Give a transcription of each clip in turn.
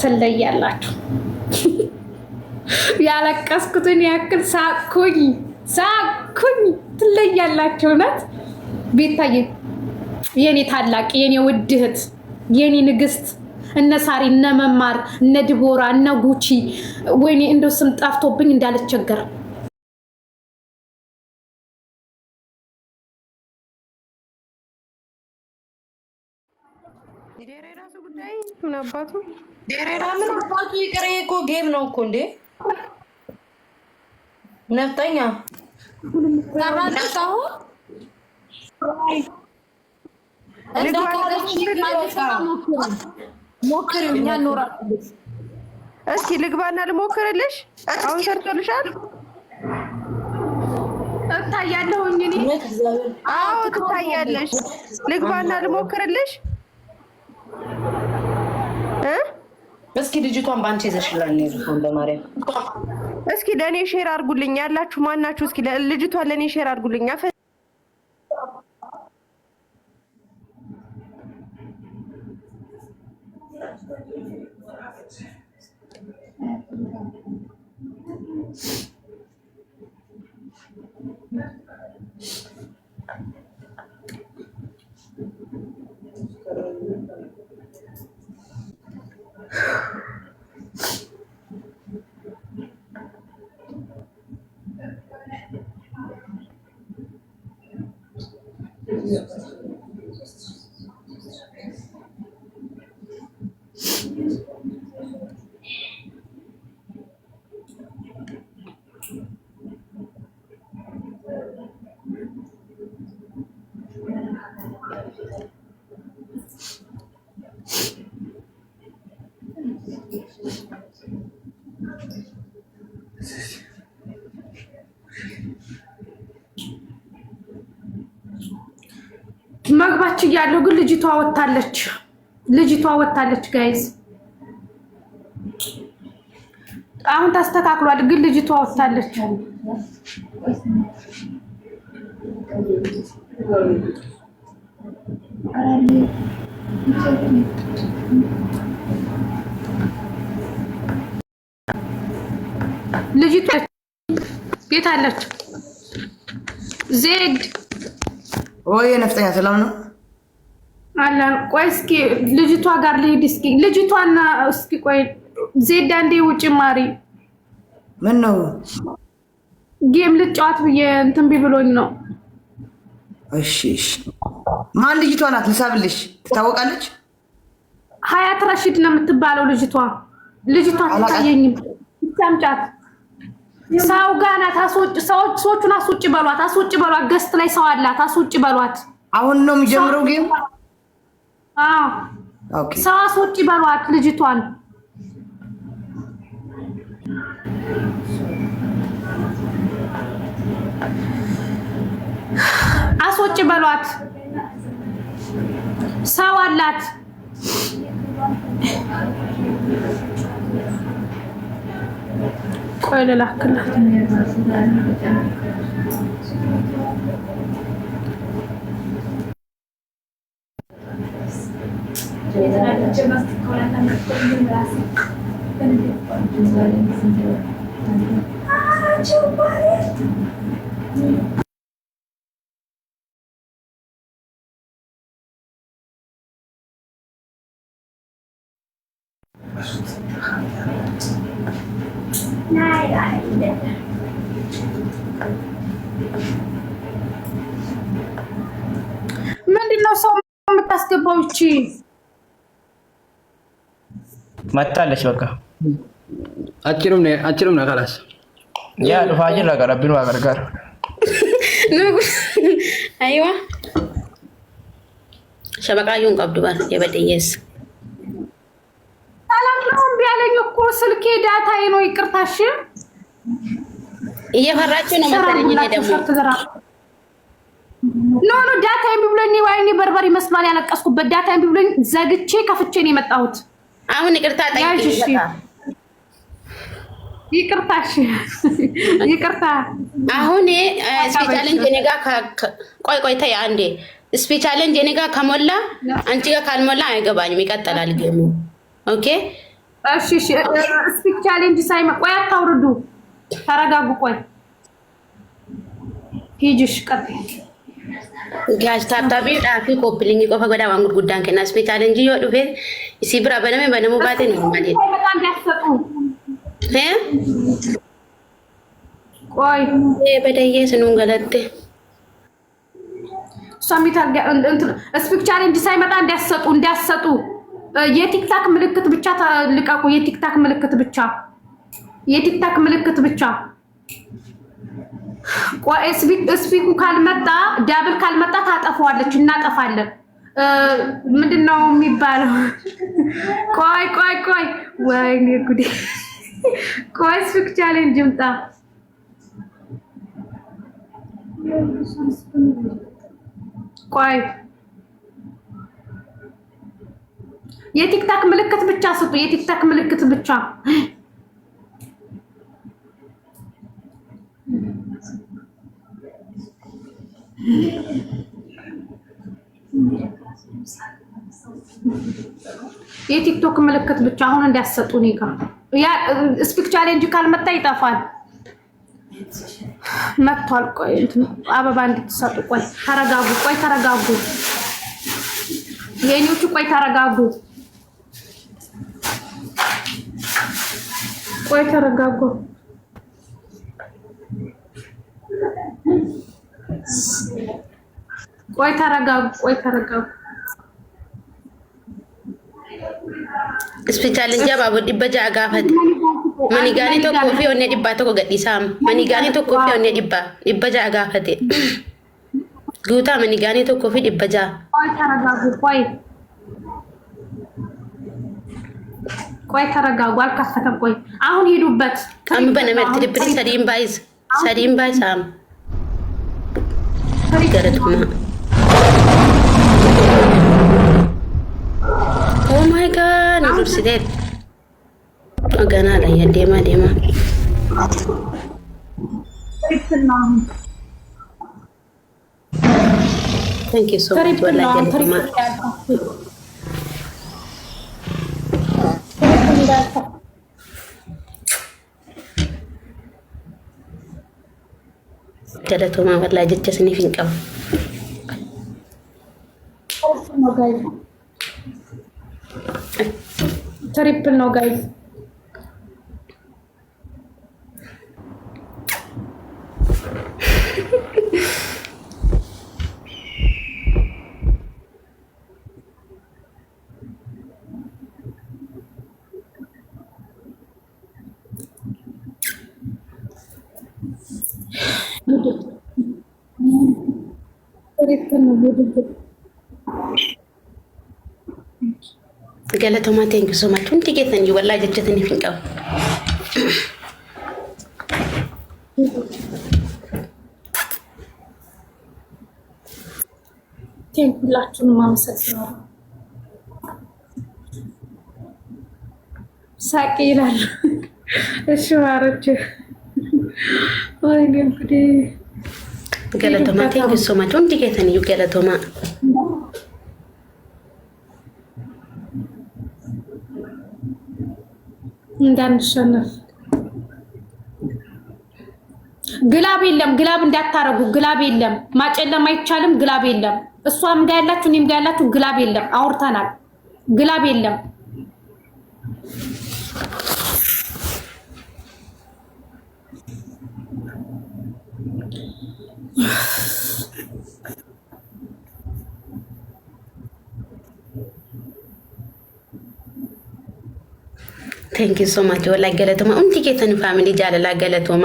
ትለያላችሁ። ያለቀስኩትን ያክል ሳኩኝ ሳኩኝ። ትለያላችሁ። እውነት ቤታዬ፣ የኔ ታላቅ፣ የኔ ውድ እህት፣ የኔ ንግስት እነ ሳሪ እነ መማር እነ ድቦራ እነ ጉቺ፣ ወይኔ እንደው ስም ጠፍቶብኝ እንዳልቸገር ምን አባቱ ምን አባቱ ይቅር እኮ ጌም ነው እኮ እንዴ ነፍጠኛ እስኪ ልግባና ልሞክርልሽ። አሁን ሰርቶልሻል? እታያለሁኝ እኔ። አዎ ትታያለሽ። ልግባና ልሞክርልሽ እስኪ ልጅቷን በአንቺ ይዘሽላል ልጅቷን በማርያም እስኪ ለእኔ ሼር አድርጉልኝ ያላችሁ ማናችሁ? እስኪ ልጅቷን ለእኔ ሼር አድርጉልኝ። ታች እያለሁ ግን ልጅቷ ወታለች፣ ልጅቷ ወታለች። ጋይዝ አሁን ታስተካክሏል፣ ግን ልጅቷ ወታለች። ልጅቷ ቤት አለች። ዜድ ወይ ነፍጠኛ ሰላም ነው። አለን። ቆይ እስኪ ልጅቷ ጋር ልሂድ። እስኪ ልጅቷና እስኪ ቆይ ዜድ አንዴ ውጭ። ማሪ ምን ነው ጌም ልጫወት ብዬ እንትን ቢብሎኝ ነው። እሺ እሺ። ማን ልጅቷ ናት? ልሳብልሽ ትታወቃለች። ሀያት ረሺድ ነው የምትባለው ልጅቷ። ልጅቷ ትታየኝም። ሰምጫት ሰው ጋር ሰዎቹን አስውጭ በሏት፣ አስውጭ በሏት። ገስት ላይ ሰው አላት። አስውጭ በሏት። አሁን ነው የሚጀምረው ጌም ሰው አስወጪ በሏት ልጅቷን። አስወጪ በሏት። ሰው አላት። ቆይ ልላክላት Thank you. Nej, nej, nej. ምንድነው ሰው የምታስገባው? መጣለች። በቃ አጭሩም ነው አጭሩም ነው። ካላስ ያ ዱፋጅ ለቀረብን ባገርጋር አይዋ ሸበቃዩን ቀብዱባል የበደየስ ሰላም ነው እኮ ስልኬ ዳታዬ ነው። ይቅርታሽ እየፈራችሁ ነው መሰለኝ። እኔ ደግሞ ኖ ኖ ዳታዬ ብሎኝ እኔ በርበር ይመስሏል ያለቀስኩበት ዳታዬ እምቢ ብሎኝ ዘግቼ ከፍቼ ነው የመጣሁት። አሁን ይቅርታ ጠይቂ። ይቅርታ እሺ፣ ይቅርታ። አሁን ስፔቻሌንጅ እኔ ቆይ ቆይ፣ ተይ አንዴ። ስፔቻሌንጅ እኔ ከሞላ አንቺ ጋ ካልሞላ አይገባኝም። ይቀጥላል ጌሙ። ኦኬ እሺ፣ እሺ። ስፔቻሌንጅ ሳይመ ቆይ፣ አታውርዱ። ተረጋጉ። ቆይ ሂጅሽ ቀጥ ጋሽ ታብታቢ ዳፊ ኮፕሊንግ ቆፈ ጎዳ ዋንጉድ ጉዳን ከና ሆስፒታል እንጂ ይወዱ ቤት እሲ ብራ በነመ በነሙ ባቴ ነው ማለት እ ቆይ በደየ ስኑን ገለጤ ሳሚት አርጋ እንትን ስፒክቸር እንጂ ሳይመጣ እንዳሰጡ እንዳሰጡ የቲክታክ ምልክት ብቻ ተልቀቁ። የቲክታክ ምልክት ብቻ የቲክታክ ምልክት ብቻ ስፒኩ ካልመጣ ዳብል ካልመጣ ታጠፈዋለች፣ እናጠፋለን። ምንድን ነው የሚባለው? ቆይ ቆይ ቆይ፣ ወይኔ ጉዴ! ቆይ ስፒክ ቻሌንጅ ምጣ። ቆይ የቲክታክ ምልክት ብቻ ስጡ፣ የቲክታክ ምልክት ብቻ የቲክቶክ ምልክት ብቻ አሁን እንዳያሰጡ እኔ ጋር ያ ስፒክ ቻሌንጅ ካልመጣ ይጠፋል። መጥቷል። ቆይ አበባ እንድትሰጡ ቆይ ተረጋጉ። ቆይ ተረጋጉ። የኔዎቹ ቆይ ተረጋጉ። ቆይ ተረጋጉ። ቆይ ተረጋጉ፣ ቆይ ተረጋጉ። Hospitaalin jabaa budi baja gaafate mani gaanii tokkoo fi onnee kau tokko gadhiisaama mani gaanii tokkoo fi onnee dhibbaa dhibba ja'a gaafate guutaa mani gaanii tokkoo fi dhibba ja'a. ቆይ ተረጋጉ፣ አልከፈተም። ቆይ አሁን kau ቀምበ ነመት ድብሪ ሰዲን ባይዝ ሰዲን ባይዝ አም አይገርጥም። ኦ ማይ ጋድ ዩኒቨርሲቲ ገና ላይ የዴማ ዴማ ታንኪ ሶ dalatoomaa bal'aa jecha isiniif hin qabu. Triple no guys. ገለቶማ ቴንክ ሶማች ሁንዲ ጌተን ወላ ጀጀትን ይፍንቀው ቴንክ ሁላችሁንም አመሰግናለሁ። ሳቅ ይላሉ። እሺ ማሮች ወይ እንግዲህ ገለቶማ ቴንክ ዩ ሶ ማች ወንድ ጌተን እዩ ገለቶማ እንዳንሸነፍ ግላብ የለም፣ ግላብ እንዳታረጉ። ግላብ የለም፣ ማጨለም አይቻልም። ግላብ የለም። እሷም ጋር ያላችሁ እኔም ጋር ያላችሁ ግላብ የለም። አውርተናል። ግላብ የለም። ቴንኪ ሶማች ወላ ገለቶማ ኡንቲኬተን ፋሚሊ ጃለላ ገለቶማ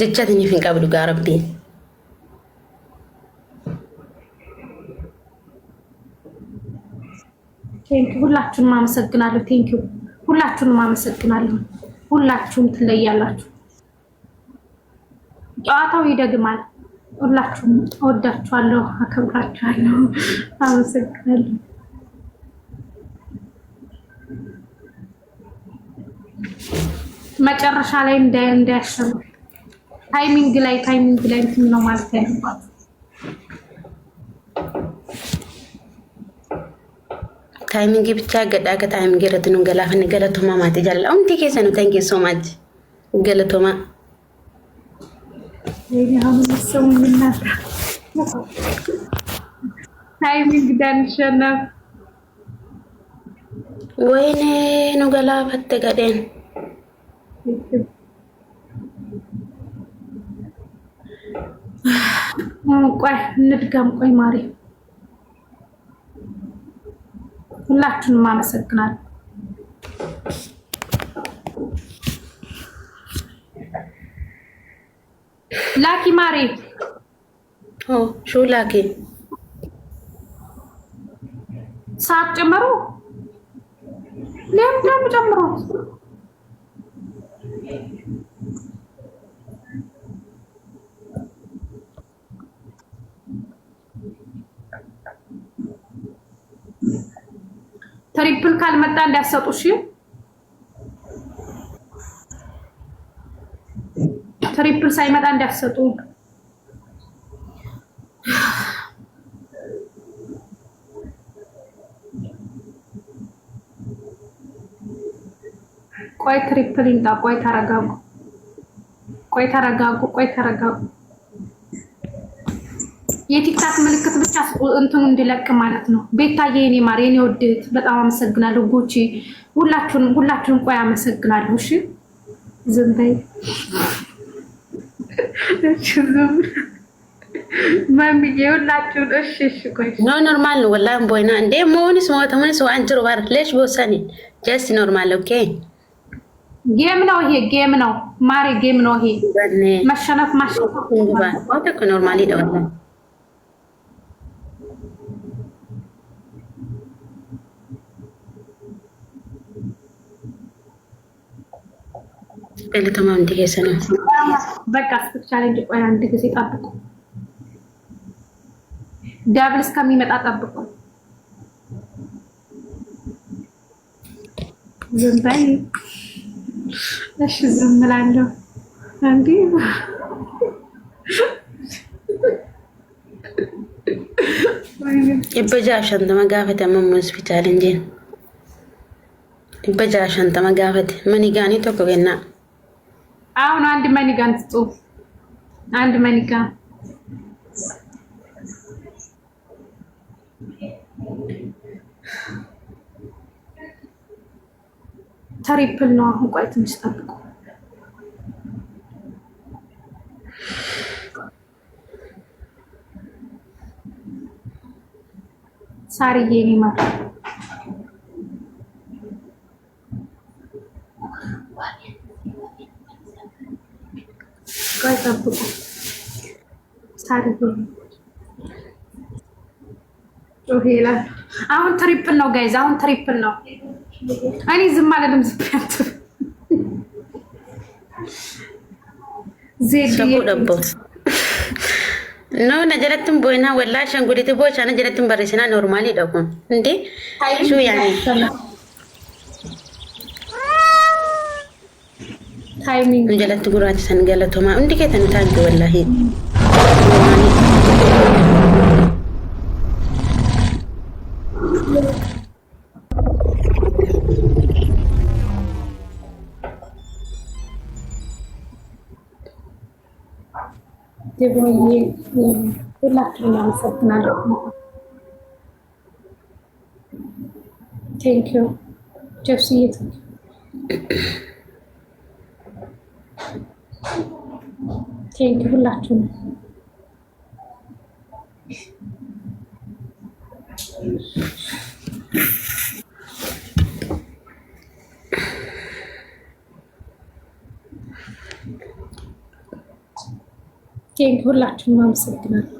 ጀቻትን ይፍንቀብሉ ጋር ረቢን ቴንኪ ሁላችሁንም አመሰግናለሁ። ቴንኪ ሁላችሁንም አመሰግናለሁ። ሁላችሁም ትለያላችሁ። ጨዋታው ይደግማል። ሁላችሁም እወዳችኋለሁ፣ አከብራችኋለሁ። አመሰግናለሁ። መጨረሻ ላይ እንዳያሸኑ ታይሚንግ ላይ ታይሚንግ ላይ እንትን ነው ማለት ያለባችሁ። ታይሚንግ ብቻ ገዳ ከታይሚንግ ረትኑ ገላፍን ገለቶማ ማት ይጃላል አሁን ቴኬሰ ነው ታንኪ ሶ ማች ገለቶማ ታይሚንግ ዳንሸነፍ ወይኔ ነው ገላበት ገደን ቆይ እንድገም። ቆይ ማሪ፣ ሁላችሁንም አመሰግናለሁ። ላኪ ማሬ ሾ ላኪ ሳትጨምሩ ለምን የምጨምሩት? ትሪፕል ካልመጣ እንዳትሰጡ እሺ። ትሪፕል ሳይመጣ እንዳትሰጡ። ቆይ ትሪፕል ይምጣ። ቆይ ተረጋጉ፣ ቆይ ተረጋጉ፣ ቆይ ተረጋጉ። የቲክታክ ምልክት ብቻ እንትኑ እንዲለቅ ማለት ነው። ቤታዬ የኔ ማር የኔ ወድት በጣም አመሰግናለሁ። ጉቺ ሁላችሁንም፣ ሁላችሁንም ቆይ አመሰግናለሁ። እሺ ዝም በይ። ኖርማል ነው ወላ ቦይና እንዴ መሆንስ ሞት ሆንስ አንጅሮ ባር ሌሽ በወሰኒ ጀስ ኖርማል ኦኬ ጌም ነው ይሄ ጌም ነው ማሪ ጌም ነው ይሄ መሸነፍ ማሸነፍ ኦኬ ኖርማል ይደውላ ለተማም እንዲሄሰ ነው በቃ ቻሌንጅ ቆይ አንድ ጊዜ ጠብቁ። ዳብል እስከሚመጣ ጠብቁ። ዝም በይ እሺ። ዝም እላለሁ እንዴ ይበጃ ሸንተ መጋፈት ምን ሆስፒታል እንጂ ይበጃ ሸንተ መጋፈት ምን ይጋኒ ተቆገና አሁን አንድ መኒጋን ትጡ አንድ መኒጋ ትሪፕል ነው። አሁን ቆይ ትንሽ ጠብቁ። ሳርዬ ነው ገብታችሁ አይጠብቁ። ሳሪፍ ይላል። አሁን ትሪፕል ነው ጋይዝ፣ አሁን ትሪፕል ነው። እኔ ዝም አልልም። ዝም ያት ነው ነጀረትን ቦይና ወላ ሸንጉሊት ቦቻ ነጀረትን በሬሲና ኖርማሊ ደኩን እንዴ ሹ ያኔ ጀለት ጉራት ሰንገለቶማ እንዲኬተን ታግ ወላሂ ሁላችሁም አመሰግናለሁ። ቴንኪዩ ጀብስዬ ሁላችሁ ነው። ቴንክ ሁላችሁም አመሰግናለሁ።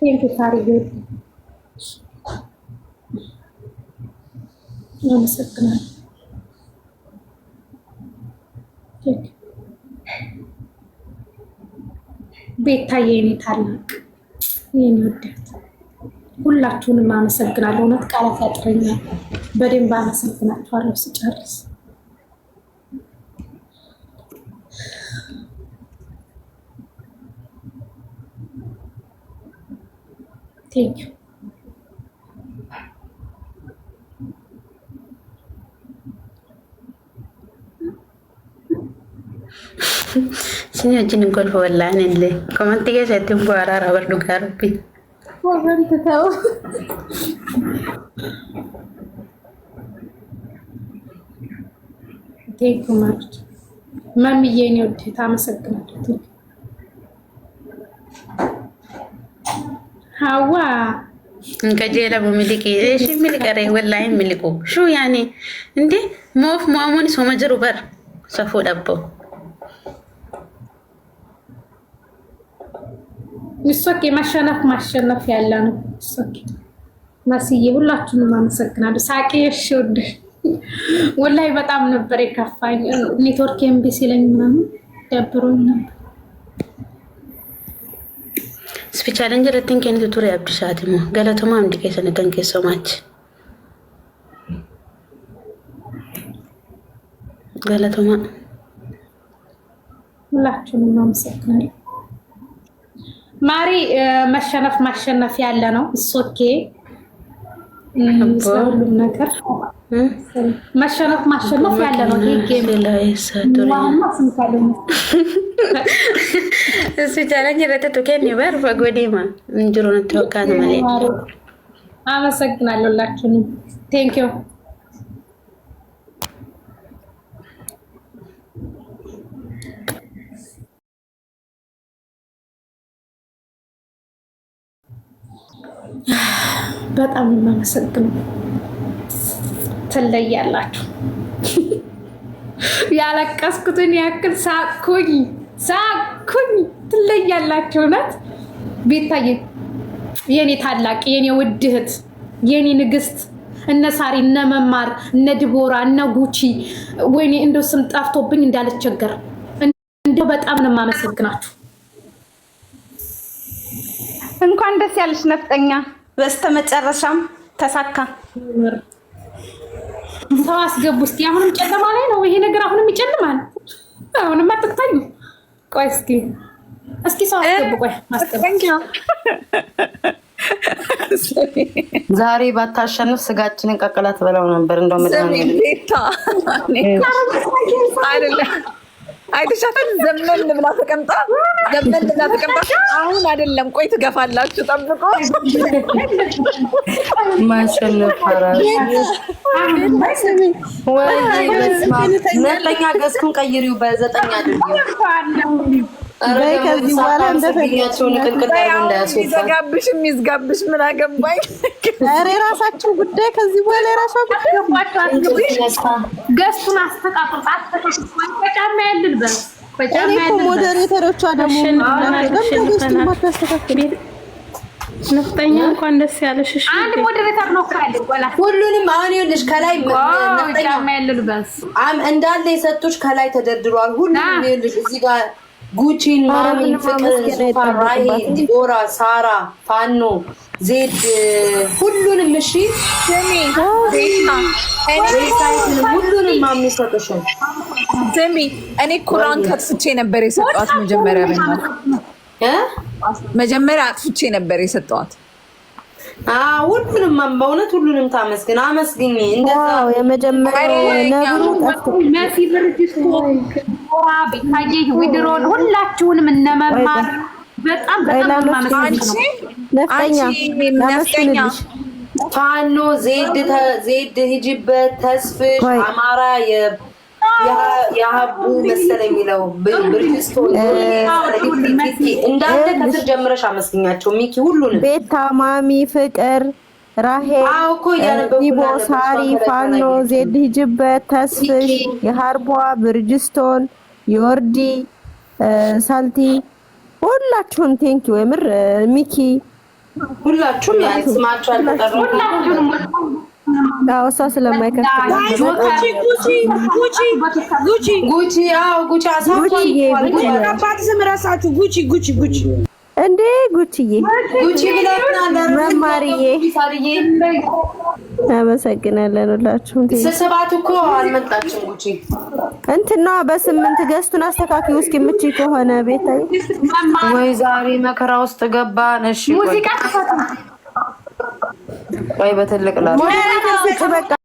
ቴንክ ታሪክ ያመሰግናል። ቤታዬ የኔ ታላቅ የኔ ውደት ሁላችሁንም አመሰግናለሁ። እውነት ቃላት ያጥረኛል። በደንብ አመሰግናችኋለሁ ስጨርስ ቴንኪው Sini hojiin golfa wallaan illee komantii keessatti hin bu'aa raaraa bar dhugaa rabbi. Wanti ta'u. ጌጉማር መምዬ እኔ ውዴታ አመሰግናለሁ። ሀዋ እንቀጀለቡ ሚልቂ እሺ ሚልቀሬ ወላይ ሚልቁ ሹ ያኔ እንዴ ሞፍ ሞሙን ሶመጀሩ በር ሰፎ ደቦ ይሶኬ ማሸነፍ ማሸነፍ ያለ ነው። ይሶኬ መስዬ ሁላችሁንም አመሰግናለሁ። ሳቄ እሺ፣ ወድሽ ወላሂ በጣም ነበር የከፋኝ። ኔትወርክ ኤምቢ ሲለኝ ምናምን ደብሮኝ ነበር። ስፒቻለን ጀለትን ከኔ ቱቱሪ ሞ ገለቶማ አምድቄ ሰነተን ከሶማች ገለቶማ ሁላችሁንም አመሰግናለሁ። ማሪ መሸነፍ ማሸነፍ ያለ ነው። እሶኬ ሁሉም ነገር መሸነፍ ማሸነፍ ያለ ነው። እሱ ቻለኝ ረተቱኬን ይበር በጎዴማ እንጅሩን ተወካን መሌ አመሰግናለሁ ላችሁንም ቴንኪው በጣም የማመሰግነው ትለያላችሁ። ያለቀስኩትን ያክል ሳኩኝ ሳኩኝ። ትለያላችሁ። እውነት ቤታዬ፣ የኔ ታላቅ፣ የኔ ውድ እህት፣ የኔ ንግስት እነ ሳሪ እነ መማር እነ ድቦራ እነ ጉቺ፣ ወይኔ እንደው ስም ጠፍቶብኝ እንዳልቸገር እንደው በጣም ነው የማመሰግናችሁ። እንኳን ደስ ያለሽ ነፍጠኛ። በስተመጨረሻም ተሳካ። ሰው አስገቡ እስኪ። አሁንም ጨለማ ላይ ነው ይሄ ነገር፣ አሁንም ይጨልማል። አሁንም አጥቅታኝ። ቆይ እስኪ እስኪ ሰው አስገቡ። ቆይ ማስገቡ። ዛሬ ባታሸንፍ ስጋችንን ቀቅላት በለው ነበር እንደው አይተሻታል? ዘመን ብላ ተቀምጣ ዘመን ብላ ተቀምጣ። አሁን አይደለም ቆይ ትገፋላችሁ፣ ጠብቆ ማሸነፍ ሁለተኛ ገዝኩን ቀይሪው በዘጠኝ ከዚህ በኋላ እንዳያስወጣ ይዘጋብሽ፣ የሚዝጋብሽ ምን አገባኝ። ኧረ የራሳችን ጉዳይ ከዚህ በኋላ የራሷ ጉዳይ። ገስቱን አስተቃቅር በ እኔ ሞዴሬተሮቿ ደግሞ ነፍጠኛ እንኳን ደስ ያለሽ። እሺ አንድ ሞዴሬተር ነው ካለ ወላ ሁሉንም አሁን ይኸውልሽ፣ ከላይ ነፍጠኛ እንዳለ የሰጡሽ ከላይ ተደርድሯል። ሁሉንም ይኸውልሽ እዚህ ጋር ጉቺን፣ ማሚ፣ ፍቅር፣ ሱፋ፣ ራሄ፣ ዲቦራ፣ ሳራ፣ ፋኖ ዜድ ሁሉንም እሺ፣ ሁሉንም አምስት ስሚ፣ እኔ ኩራን አጥፍቼ ነበር የሰጠዋት መጀመሪያ ላይ መጀመሪያ አጥፍቼ ነበር የሰጠዋት። ሁሉንም በእውነት ሁሉንም ታመስግን፣ አመስግኝ። እንደዛ ሁላችሁንም እነመማር በጣም በጣም ፋኖ ዜድ ዜድ ሂጂበት ተስፍሽ አማራ የሀቡ መሰለ የሚለው ከስር ጀምረሽ አመስግኛቸው። ሚኪ ሁሉንም ማሚ፣ ፍቅር፣ ራሄል፣ ኒቦ፣ ሳሪ፣ ፋኖ ዜድ ተስፍሽ፣ የሀርቧ ብርጅስቶን፣ ዮርዲ፣ ሳልቲ ሁላችሁም ቴንኪ ወይምር ሚኪ ሁላችሁም ስማችሁ ጉቺ ጉቺ ጉቺ እንዴ ጉቺዬ ጉቺ ብለናል መማርዬ አመሰግናለን ሁላችሁም። ስብሰባት እኮ አልመጣችም። ጉቺ እንትና በስምንት ገስቱን አስተካክዩ እስኪ የምችይ ከሆነ ቤታይ። ወይ ዛሬ መከራ ውስጥ ገባ ነሽ ሙዚቃ ወይ በትልቅ ላ